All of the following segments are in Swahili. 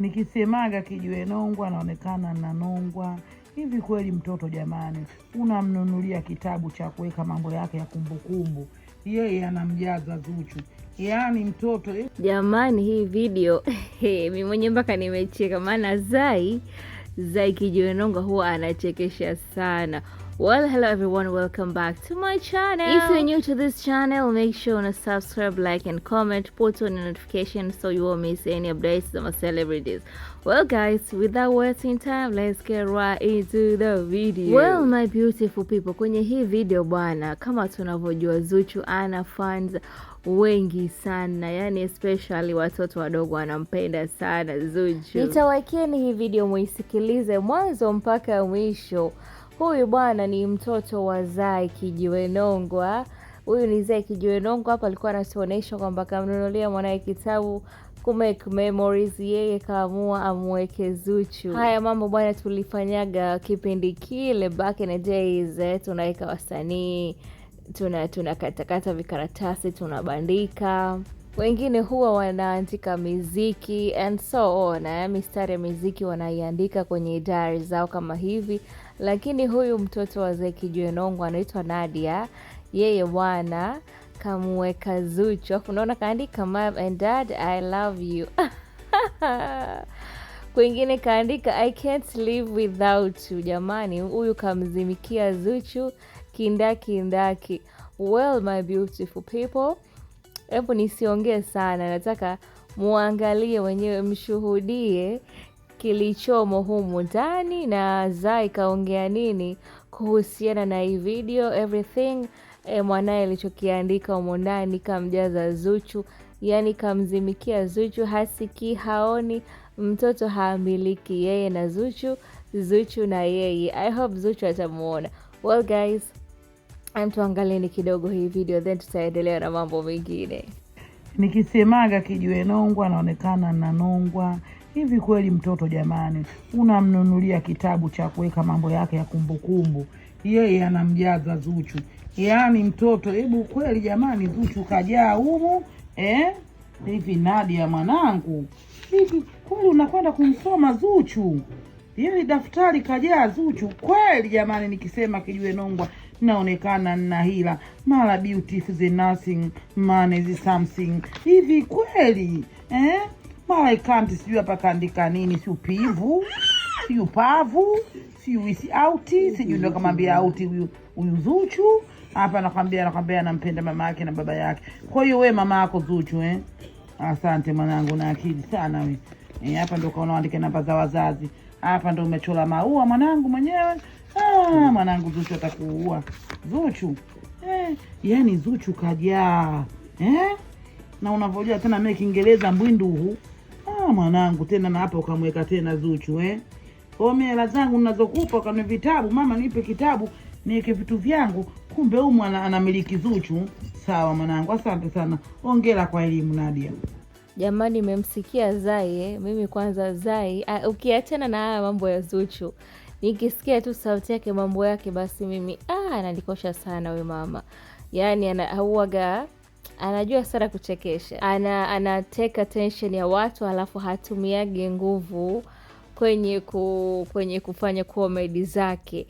nikisemaga kijue nongwa, naonekana nanongwa hivi kweli. Mtoto jamani, unamnunulia kitabu cha kuweka mambo yake ya kumbukumbu, yeye anamjaza Zuchu. Yaani mtoto eh. jamani, hii video mi mwenye mpaka nimecheka, maana Zai Zai kijiwe nongwa huwa anachekesha sana. Well, hello everyone, welcome back to my channel. If you're new to this channel, make sure to subscribe, like and comment, put on a notification so you won't miss any updates on my celebrities. Well guys, without wasting time, let's get right into the video. Well my beautiful people, kwenye hii video bwana, kama tunavyojua Zuchu ana fans wengi sana, yani especially watoto wadogo wanampenda sana Zuchu. Nitawakieni hii video muisikilize mwanzo mpaka mwisho Huyu bwana ni mtoto wa Zai Kijiwenongwa. Huyu ni Zai Kijiwenongwa, hapa alikuwa anatuonyesha kwamba kamnunulia mwanaye kitabu kumake memories, yeye kaamua amweke Zuchu. Haya mambo bwana, tulifanyaga kipindi kile back in the days eh, tunaweka wasanii tuna tunakatakata vikaratasi tunabandika wengine huwa wanaandika miziki and so on, eh, mistari ya miziki wanaiandika kwenye diary zao kama hivi, lakini huyu mtoto wa Zeki Juenongo anaitwa Nadia, yeye bwana kamweka Zuchu, afu unaona kaandika mom and dad I love you kwingine kaandika I can't live without you. Jamani, huyu kamzimikia Zuchu kindaki ndaki. Well my beautiful people, hebu nisiongee sana, nataka muangalie wenyewe, mshuhudie kilichomo humu ndani, na Zai kaongea nini kuhusiana na hii video everything. E, mwanaye alichokiandika humo ndani kamjaza Zuchu, yani kamzimikia Zuchu, hasikii haoni, mtoto haamiliki, yeye na Zuchu, Zuchu na yeye. I hope Zuchu atamuona. Well guys, tuangalieni kidogo hii video then tutaendelea na mambo mengine. Nikisemaga kijue Nongwa anaonekana na Nongwa Hivi kweli mtoto jamani, unamnunulia kitabu cha kuweka mambo yake ya kumbukumbu, yeye anamjaza Zuchu. Yaani mtoto, hebu kweli jamani, Zuchu kajaa humu eh? Hivi Nadia mwanangu, hivi kweli unakwenda kumsoma Zuchu? Yaani daftari kajaa Zuchu kweli jamani, nikisema kijue nongwa naonekana nna hila, mara beauty is nothing, money is something. Hivi kweli eh? Mawaikamti sijui hapa kaandika nini, si upivu si upavu si isi auti sijui, ndo kamwambia auti huyu huyu Zuchu hapa, nakwambia nakwambia anampenda mama yake na baba yake. Kwa hiyo we mama yako Zuchu eh? Asante mwanangu, na akili sana we eh, hapa ndo kaona andike namba za wazazi hapa ndo umechola maua mwanangu mwenyewe. Ah, mwanangu Zuchu atakuua Zuchu eh, yani Zuchu kajaa eh? na unavyojua tena mimi Kiingereza mbwindu huu sawa mwanangu, tena na hapa ukamweka tena Zuchu eh? Mimi hela zangu ninazokupa ukanunua vitabu, mama nipe kitabu niweke vitu vyangu, kumbe huyu mwana anamiliki Zuchu. Sawa mwanangu, asante sana, ongera kwa elimu Nadia. Jamani, mmemsikia Zai eh? Mimi kwanza Zai, ukiachana na haya mambo ya Zuchu, nikisikia tu sauti yake mambo yake, basi mimi ah, ananikosha sana we mama, yaani anauaga anajua sana kuchekesha, ana ana take attention ya watu, alafu hatumiagi nguvu kwenye ku, kwenye kufanya comedy zake.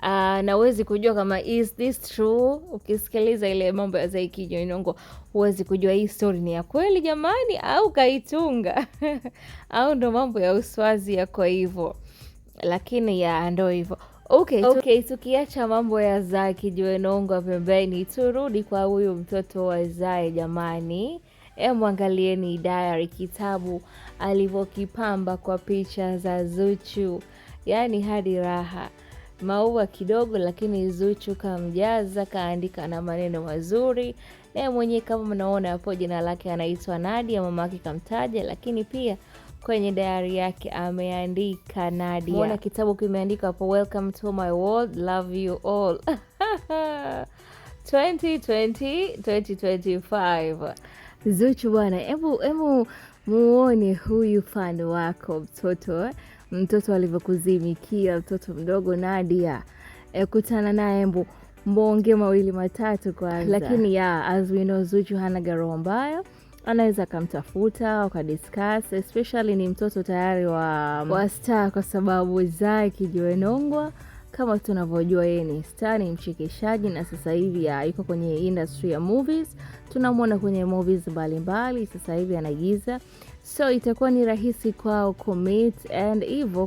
Uh, ah, nawezi kujua kama is this true. Ukisikiliza ile mambo ya Zaiki Joinongo huwezi kujua hii story ni ya kweli jamani, au kaitunga au ndo mambo ya uswazi yako hivyo, lakini ya ndo hivyo. Okay, okay, tukiacha mambo ya Zaa kijiwenonga pembeni, turudi kwa huyu mtoto wa Zai jamani. E, angalieni diary kitabu alivyokipamba kwa picha za Zuchu, yaani hadi raha maua kidogo, lakini Zuchu kamjaza, kaandika na maneno mazuri. Naye mwenyewe kama mnaona hapo, jina lake anaitwa Nadia, mama yake kamtaja, lakini pia kwenye dayari yake ameandika Nadia. Mwona kitabu kimeandika hapo, welcome to my world, love you all 2020 2025. Zuchu bwana, hebu hebu muone huyu fani wako mtoto, mtoto alivyokuzimikia mtoto mdogo Nadia. E, kutana naye mbu mbonge mawili matatu kwanza, lakini ya as we know Zuchu hana garoho mbaya anaweza akamtafuta wakadiskas, especially ni mtoto tayari wa, wa star kwa sababu Zaki Kijiwenongwa kama tunavyojua yeye ni star, ni mchekeshaji na sasa hivi ah, yuko kwenye industry ya movies, tunamwona kwenye movies mbalimbali sasa hivi anaigiza, so itakuwa ni rahisi kwao kumit and hivyo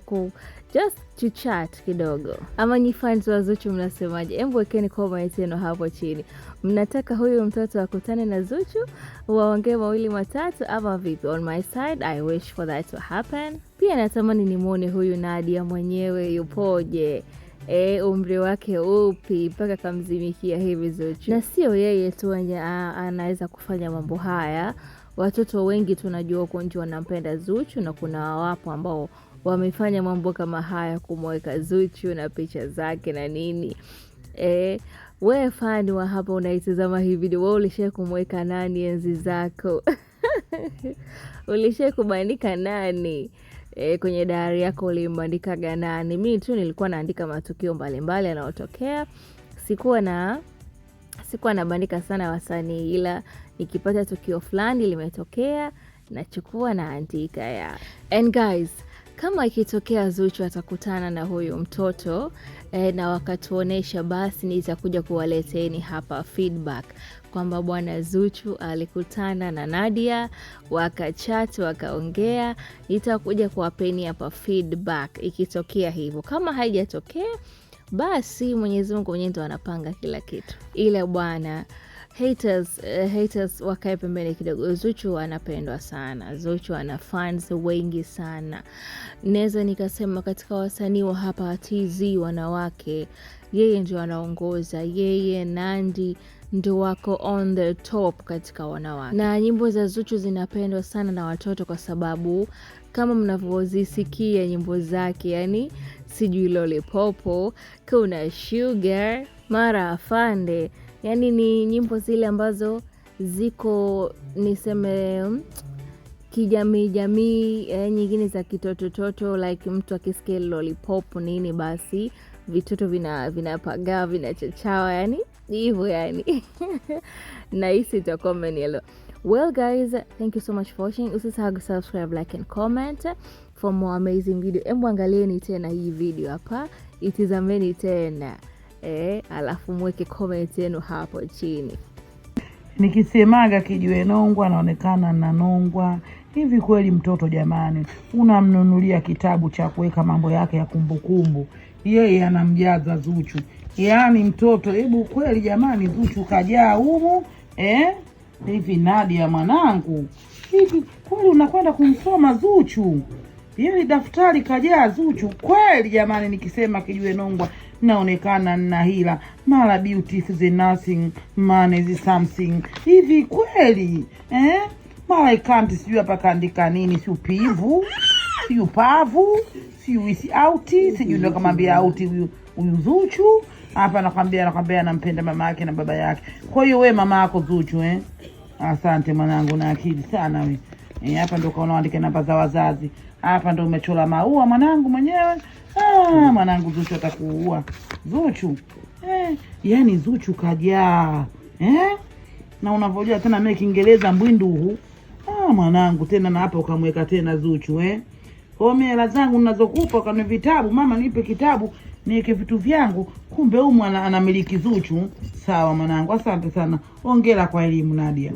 just to chat kidogo. Ama nyi fans wa Zuchu mnasemaje? Hebu wekeni comment yenu hapo chini. Mnataka huyu mtoto akutane na Zuchu, waongee mawili matatu, ama vipi? On my side I wish for that to happen. Pia natamani nimwone huyu Nadia mwenyewe yupoje. E, umri wake upi mpaka kamzimikia hivi Zuchu? Na sio yeye tu anaweza kufanya mambo haya, watoto wengi tunajua huko nje wanampenda Zuchu na kuna wapo ambao wamefanya mambo kama haya, kumweka Zuchu na picha zake na nini. E, we fani wa hapa unaitazama hii video, we ulishae kumweka nani enzi zako? ulishae kubandika nani? E, kwenye dayari yako ulimbandikaga nani? Mi tu nilikuwa naandika matukio mbalimbali yanayotokea, sikuwa na sikuwa nabandika sana wasanii, ila nikipata tukio fulani limetokea nachukua naandika ya. And guys kama ikitokea Zuchu atakutana na huyu mtoto e, na wakatuonesha, basi nitakuja kuwaleteni hapa feedback kwamba bwana Zuchu alikutana na Nadia wakachati, wakaongea. Nitakuja kuwapeni hapa feedback ikitokea hivyo. Kama haijatokea basi Mwenyezi Mungu mwenyewe ndo anapanga kila kitu, ila bwana haters, uh, haters wakae pembeni kidogo. Zuchu anapendwa sana, Zuchu ana fans wengi sana. Naweza nikasema katika wasanii wa hapa TZ wanawake, yeye ndio anaongoza, yeye Nandi ndio wako on the top katika wanawake, na nyimbo za Zuchu zinapendwa sana na watoto kwa sababu kama mnavyozisikia nyimbo zake, yani sijui lolipopo, kuna sugar mara afande yani ni nyimbo zile ambazo ziko niseme kijamii jamii, eh, nyingine za kitotototo like mtu akisikia lollipop nini basi vitoto vinapagaa vina vinachachawa yani hivyo yani nahisi itakuwa umenielewa well guys thank you so much for watching usisahau subscribe like and comment for more amazing video hebu angalieni tena hii video hapa itizameni tena eh, alafu mweke comment yenu hapo chini. Nikisemaga nongwa naonekana nanongwa hivi kweli. Mtoto jamani, unamnunulia kitabu cha kuweka mambo yake ya kumbukumbu, yeye anamjaza Zuchu. Yaani mtoto, hebu kweli jamani, Zuchu kajaa humu eh? Hivi Nadia mwanangu, hivi kweli unakwenda kumsoma Zuchu? Hili daftari kajaa Zuchu kweli jamani, nikisema kijue nongwa naonekana nina hila, mara beautiful is nothing, money is something. Hivi kweli eh? mara ikanti sijui hapa kaandika nini, si upivu si upavu si isi auti sijui ndo kamwambia auti huyu Zuchu hapa nakwambia, nakwambia anampenda mama yake na baba yake. Kwa hiyo we mama yako Zuchu eh? Asante mwanangu, na akili sana we eh, hapa eh, ndo kaona andike namba za wazazi hapa ndo umechola maua mwanangu mwenyewe. Ah, mwanangu Zuchu atakuua Zuchu eh, yani Zuchu kajaa eh? na unavyojua tena mimi Kiingereza mbwinduhu. Ah, mwanangu tena na hapa ukamweka tena Zuchu eh? kwa mimi hela zangu ninazokupa ukani vitabu, mama nipe kitabu niweke vitu vyangu, kumbe huyu mwana anamiliki Zuchu. Sawa mwanangu, asante sana, ongera kwa elimu Nadia.